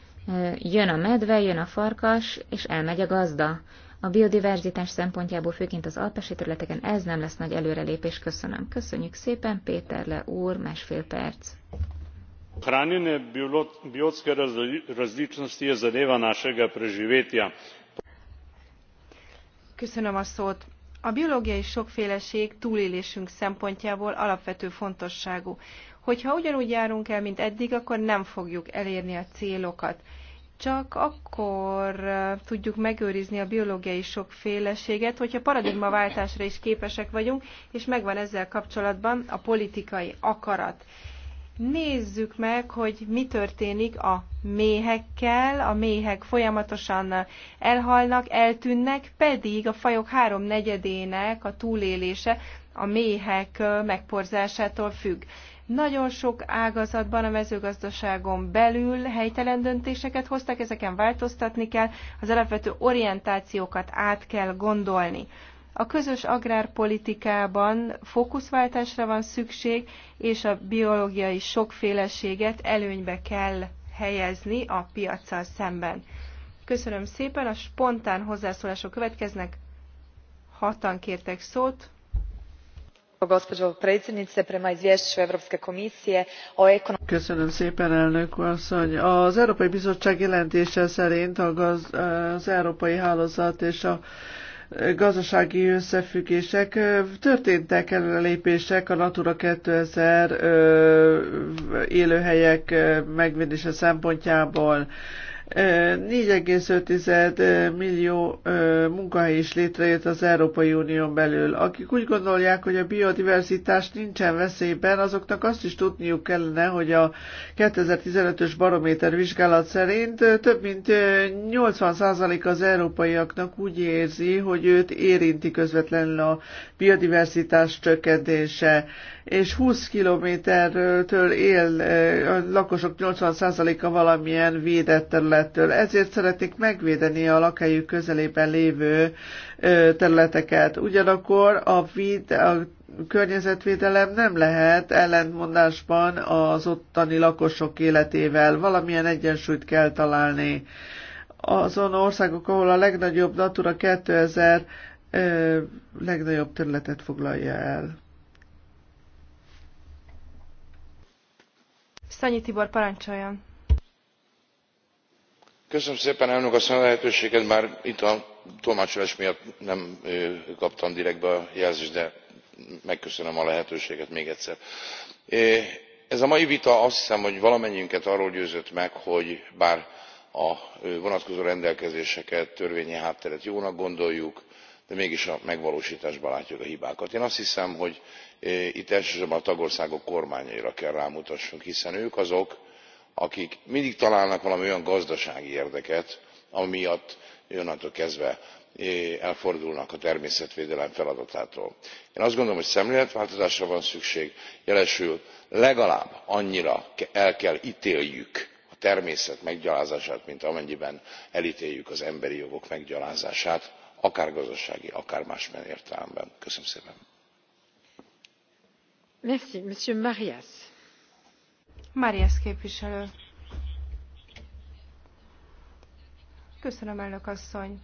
Jön a medve, jön a farkas, és elmegy a gazda. A biodiverzitás szempontjából főként az alpesi területeken ez nem lesz nagy előrelépés. Köszönöm. Köszönjük szépen, Péter Le úr, másfél perc. Köszönöm a szót. A biológiai sokféleség túlélésünk szempontjából alapvető fontosságú. Hogyha ugyanúgy járunk el, mint eddig, akkor nem fogjuk elérni a célokat. Csak akkor tudjuk megőrizni a biológiai sokféleséget, hogyha paradigmaváltásra is képesek vagyunk, és megvan ezzel kapcsolatban a politikai akarat nézzük meg, hogy mi történik a méhekkel. A méhek folyamatosan elhalnak, eltűnnek, pedig a fajok háromnegyedének a túlélése a méhek megporzásától függ. Nagyon sok ágazatban a mezőgazdaságon belül helytelen döntéseket hoztak, ezeken változtatni kell, az alapvető orientációkat át kell gondolni. A közös agrárpolitikában fókuszváltásra van szükség, és a biológiai sokféleséget előnybe kell helyezni a piaccal szemben. Köszönöm szépen, a spontán hozzászólások következnek. Hatan kértek szót gospođo predsjednice prema izvješću europske komisije o Köszönöm szépen, elnök asszony! Az Európai Bizottság jelentése szerint az Európai Hálózat és a gazdasági összefüggések, történtek előrelépések a Natura two thousand élőhelyek megvédése szempontjából. 4,5 millió munkahely is létrejött az Európai Unión belül. Akik úgy gondolják, hogy a biodiverzitás nincsen veszélyben, azoknak azt is tudniuk kellene, hogy a 2015-ös barométer vizsgálat szerint több mint 80% az európaiaknak úgy érzi, hogy őt érinti közvetlenül a biodiverzitás csökkentése, és 20 kilométertől él a lakosok 80%-a valamilyen védett terület területtől. Ezért szeretik megvédeni a lakhelyük közelében lévő területeket. Ugyanakkor a, vid, a környezetvédelem nem lehet ellentmondásban az ottani lakosok életével. Valamilyen egyensúlyt kell találni. Azon országok, ahol a legnagyobb Natura 2000 ö, legnagyobb területet foglalja el. Szanyi Tibor, parancsoljon! köszönöm szépen elnök a bár itt a tolmácsolás miatt nem kaptam direktbe a jelzést de megköszönöm a lehetőséget még egyszer. ez a mai vita azt hiszem hogy valamennyiünket arról győzött meg hogy bár a vonatkozó rendelkezéseket törvényi hátteret jónak gondoljuk de mégis a megvalóstásban látjuk a hibákat. én azt hiszem hogy itt elsősorban a tagországok kormányaira kell rámutatnunk hiszen ők azok akik mindig találnak valami olyan gazdasági érdeket ami miatt onnantól kezdve elfordulnak a természetvédelem feladatától. én azt gondolom hogy szemléletváltozásra van szükség jelesül legalább annyira el kell téljük a természet meggyalázását mint amennyiben eltéljük az emberi jogok meggyalázását akár gazdasági akár másmilyen értelemben. köszönöm szépen! Marias képviselő. Köszönöm, elnök asszony.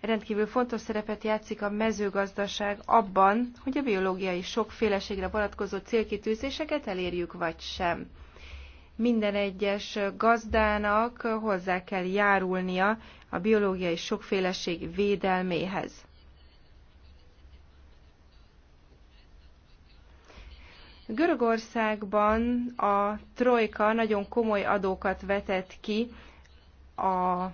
Rendkívül fontos szerepet játszik a mezőgazdaság abban, hogy a biológiai sokféleségre vonatkozó célkitűzéseket elérjük vagy sem. Minden egyes gazdának hozzá kell járulnia a biológiai sokféleség védelméhez. Görögországban a trojka nagyon komoly adókat vetett ki a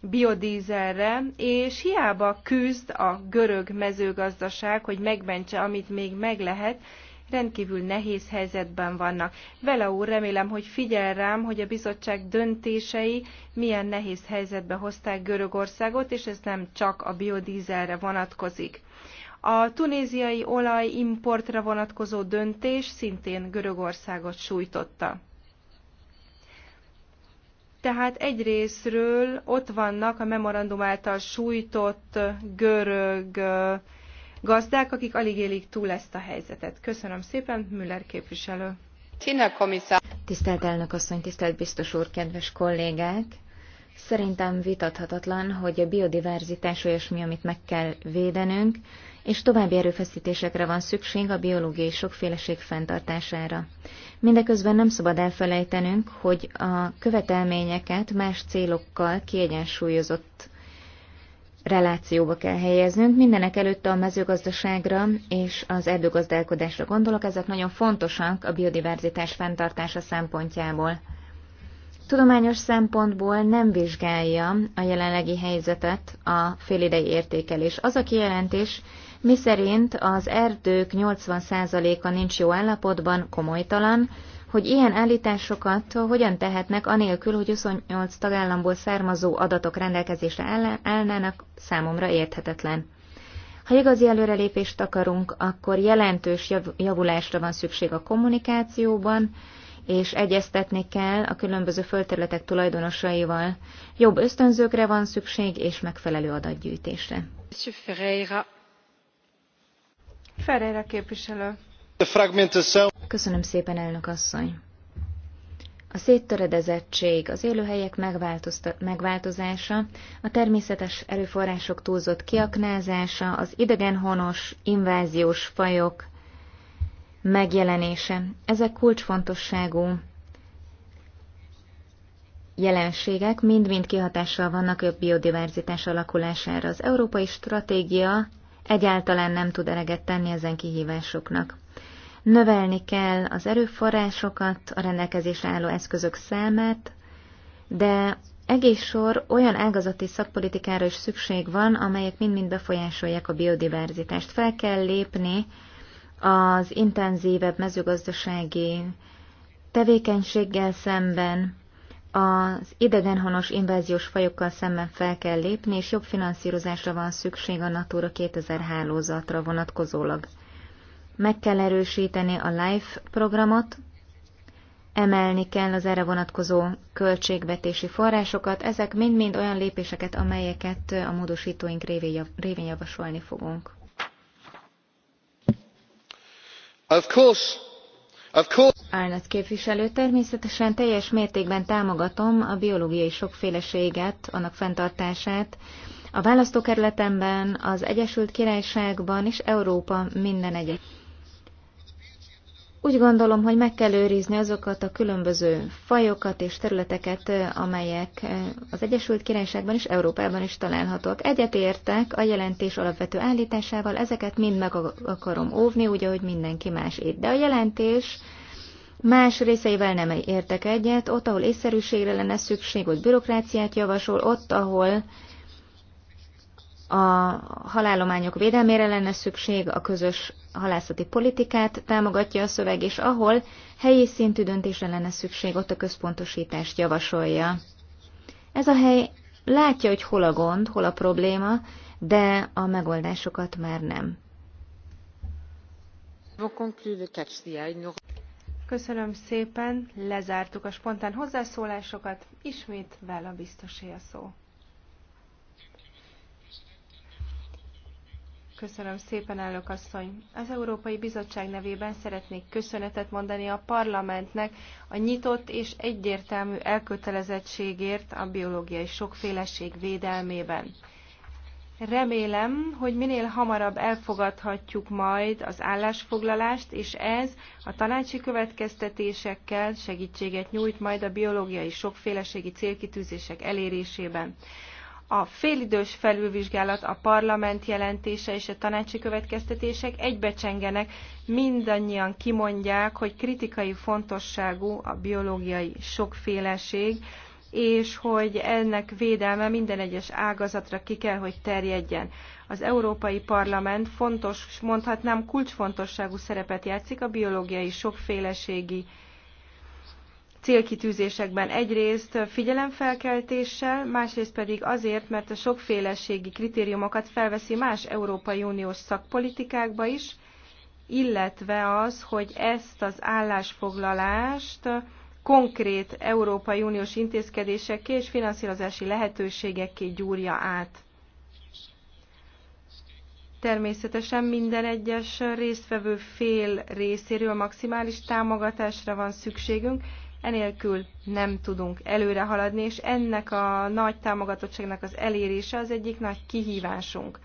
biodízelre, és hiába küzd a görög mezőgazdaság, hogy megmentse, amit még meg lehet, rendkívül nehéz helyzetben vannak. Vele úr, remélem, hogy figyel rám, hogy a bizottság döntései milyen nehéz helyzetbe hozták Görögországot, és ez nem csak a biodízelre vonatkozik. A tunéziai olajimportra vonatkozó döntés szintén Görögországot sújtotta. Tehát egyrésztről ott vannak a memorandum által sújtott görög gazdák, akik alig élik túl ezt a helyzetet. Köszönöm szépen, Müller képviselő. Tisztelt elnök asszony, tisztelt biztos úr, kedves kollégák! Szerintem vitathatatlan, hogy a biodiverzitás olyasmi, amit meg kell védenünk, és további erőfeszítésekre van szükség a biológiai sokféleség fenntartására. Mindeközben nem szabad elfelejtenünk, hogy a követelményeket más célokkal kiegyensúlyozott relációba kell helyeznünk. Mindenek előtt a mezőgazdaságra és az erdőgazdálkodásra gondolok, ezek nagyon fontosak a biodiverzitás fenntartása szempontjából. Tudományos szempontból nem vizsgálja a jelenlegi helyzetet a félidei értékelés. Az a kijelentés, miszerint az erdők 80%-a nincs jó állapotban, komolytalan, hogy ilyen állításokat hogyan tehetnek anélkül, hogy 28 tagállamból származó adatok rendelkezésre állnának, számomra érthetetlen. Ha igazi előrelépést akarunk, akkor jelentős javulásra van szükség a kommunikációban, és egyeztetni kell a különböző földterületek tulajdonosaival. Jobb ösztönzőkre van szükség, és megfelelő adatgyűjtésre. Ferreira képviselő. Köszönöm szépen, elnök asszony. A széttöredezettség, az élőhelyek megváltozása, a természetes erőforrások túlzott kiaknázása, az idegenhonos, inváziós fajok megjelenése. Ezek kulcsfontosságú jelenségek mind-mind kihatással vannak a biodiverzitás alakulására. Az Európai Stratégia egyáltalán nem tud eleget tenni ezen kihívásoknak. Növelni kell az erőforrásokat, a rendelkezésre álló eszközök számát, de egész sor olyan ágazati szakpolitikára is szükség van, amelyek mind-mind befolyásolják a biodiverzitást. Fel kell lépni az intenzívebb mezőgazdasági tevékenységgel szemben, az idegenhonos inváziós fajokkal szemben fel kell lépni, és jobb finanszírozásra van szükség a Natura 2000 hálózatra vonatkozólag. Meg kell erősíteni a LIFE programot, emelni kell az erre vonatkozó költségvetési forrásokat, ezek mind-mind olyan lépéseket, amelyeket a módosítóink révén javasolni fogunk. Of course, Állat képviselő, természetesen teljes mértékben támogatom a biológiai sokféleséget, annak fenntartását. A választókerületemben, az Egyesült Királyságban és Európa minden egyes. Úgy gondolom, hogy meg kell őrizni azokat a különböző fajokat és területeket, amelyek az Egyesült Királyságban és Európában is találhatók. Egyetértek a jelentés alapvető állításával, ezeket mind meg akarom óvni, úgy, ahogy mindenki más itt. De a jelentés más részeivel nem értek egyet, ott, ahol észszerűségre lenne szükség, hogy bürokráciát javasol, ott, ahol a halálományok védelmére lenne szükség, a közös halászati politikát támogatja a szöveg, és ahol helyi szintű döntésre lenne szükség, ott a központosítást javasolja. Ez a hely látja, hogy hol a gond, hol a probléma, de a megoldásokat már nem. Köszönöm szépen, lezártuk a spontán hozzászólásokat, ismét Vella biztosé a szó. Köszönöm szépen, elnök asszony. Az Európai Bizottság nevében szeretnék köszönetet mondani a parlamentnek a nyitott és egyértelmű elkötelezettségért a biológiai sokféleség védelmében. Remélem, hogy minél hamarabb elfogadhatjuk majd az állásfoglalást, és ez a tanácsi következtetésekkel segítséget nyújt majd a biológiai sokféleségi célkitűzések elérésében a félidős felülvizsgálat, a parlament jelentése és a tanácsi következtetések egybecsengenek, mindannyian kimondják, hogy kritikai fontosságú a biológiai sokféleség, és hogy ennek védelme minden egyes ágazatra ki kell, hogy terjedjen. Az Európai Parlament fontos, mondhatnám kulcsfontosságú szerepet játszik a biológiai sokféleségi célkitűzésekben egyrészt figyelemfelkeltéssel, másrészt pedig azért, mert a sokféleségi kritériumokat felveszi más Európai Uniós szakpolitikákba is, illetve az, hogy ezt az állásfoglalást konkrét Európai Uniós intézkedésekké és finanszírozási lehetőségekké gyúrja át. Természetesen minden egyes résztvevő fél részéről maximális támogatásra van szükségünk, Enélkül nem tudunk előre haladni, és ennek a nagy támogatottságnak az elérése az egyik nagy kihívásunk.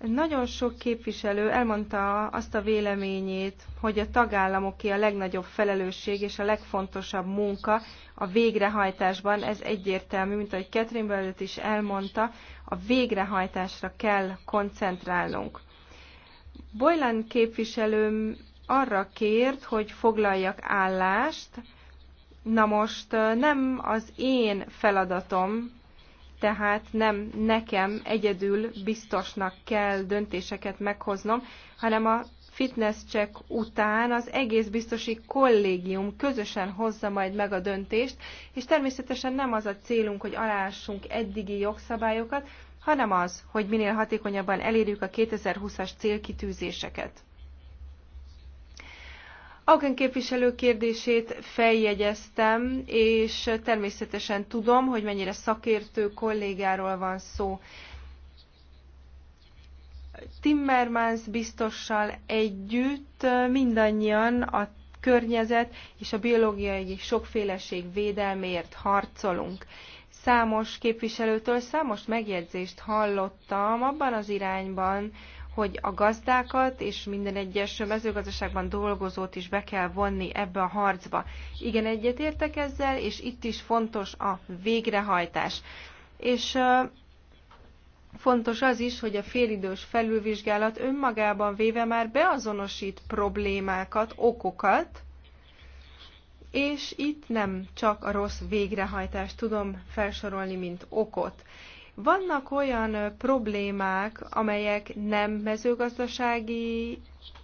Nagyon sok képviselő elmondta azt a véleményét, hogy a tagállamoké a legnagyobb felelősség és a legfontosabb munka a végrehajtásban. Ez egyértelmű, mint ahogy Catherine Bellet is elmondta, a végrehajtásra kell koncentrálnunk. Boylan képviselőm arra kért, hogy foglaljak állást. Na most nem az én feladatom, tehát nem nekem egyedül biztosnak kell döntéseket meghoznom, hanem a fitness check után az egész biztosi kollégium közösen hozza majd meg a döntést, és természetesen nem az a célunk, hogy alássunk eddigi jogszabályokat, hanem az, hogy minél hatékonyabban elérjük a 2020-as célkitűzéseket. Auken képviselő kérdését feljegyeztem, és természetesen tudom, hogy mennyire szakértő kollégáról van szó. Timmermans biztossal együtt mindannyian a környezet és a biológiai sokféleség védelméért harcolunk. Számos képviselőtől számos megjegyzést hallottam abban az irányban, hogy a gazdákat és minden egyes mezőgazdaságban dolgozót is be kell vonni ebbe a harcba. Igen, egyetértek ezzel, és itt is fontos a végrehajtás. És Fontos az is, hogy a félidős felülvizsgálat önmagában véve már beazonosít problémákat, okokat, és itt nem csak a rossz végrehajtást tudom felsorolni, mint okot. Vannak olyan problémák, amelyek nem mezőgazdasági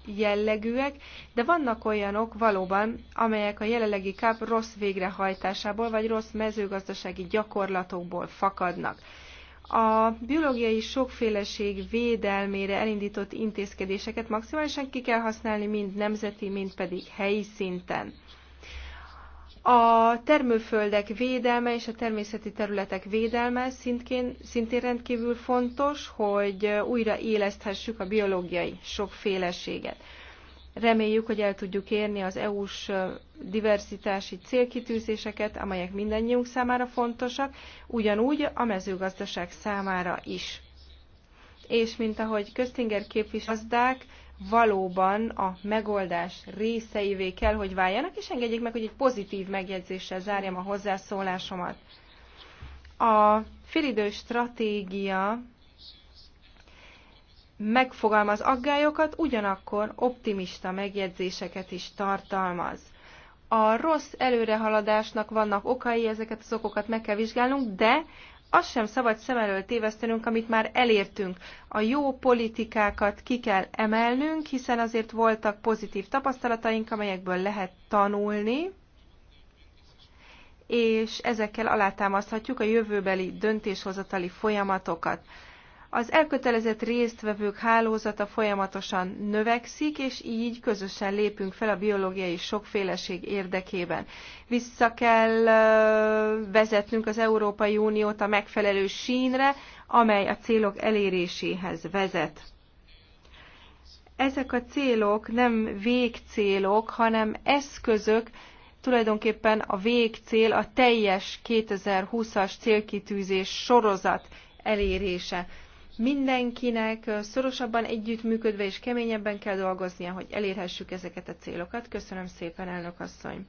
jellegűek, de vannak olyanok valóban, amelyek a jelenlegi káp rossz végrehajtásából vagy rossz mezőgazdasági gyakorlatokból fakadnak. A biológiai sokféleség védelmére elindított intézkedéseket maximálisan ki kell használni mind nemzeti, mind pedig helyi szinten. A termőföldek védelme és a természeti területek védelme szintén, szintén rendkívül fontos, hogy újra éleszthessük a biológiai sokféleséget. Reméljük, hogy el tudjuk érni az EU-s diversitási célkitűzéseket, amelyek mindannyiunk számára fontosak, ugyanúgy a mezőgazdaság számára is. És mint ahogy Köztinger képviselők, valóban a megoldás részeivé kell, hogy váljanak, és engedjék meg, hogy egy pozitív megjegyzéssel zárjam a hozzászólásomat. A félidő stratégia megfogalmaz aggályokat, ugyanakkor optimista megjegyzéseket is tartalmaz. A rossz előrehaladásnak vannak okai, ezeket az okokat meg kell vizsgálnunk, de azt sem szabad szem elől tévesztenünk, amit már elértünk. A jó politikákat ki kell emelnünk, hiszen azért voltak pozitív tapasztalataink, amelyekből lehet tanulni, és ezekkel alátámaszthatjuk a jövőbeli döntéshozatali folyamatokat. Az elkötelezett résztvevők hálózata folyamatosan növekszik, és így közösen lépünk fel a biológiai sokféleség érdekében. Vissza kell vezetnünk az Európai Uniót a megfelelő sínre, amely a célok eléréséhez vezet. Ezek a célok nem végcélok, hanem eszközök, tulajdonképpen a végcél a teljes 2020-as célkitűzés sorozat elérése. Mindenkinek szorosabban együttműködve és keményebben kell dolgoznia, hogy elérhessük ezeket a célokat. Köszönöm szépen, elnök asszony!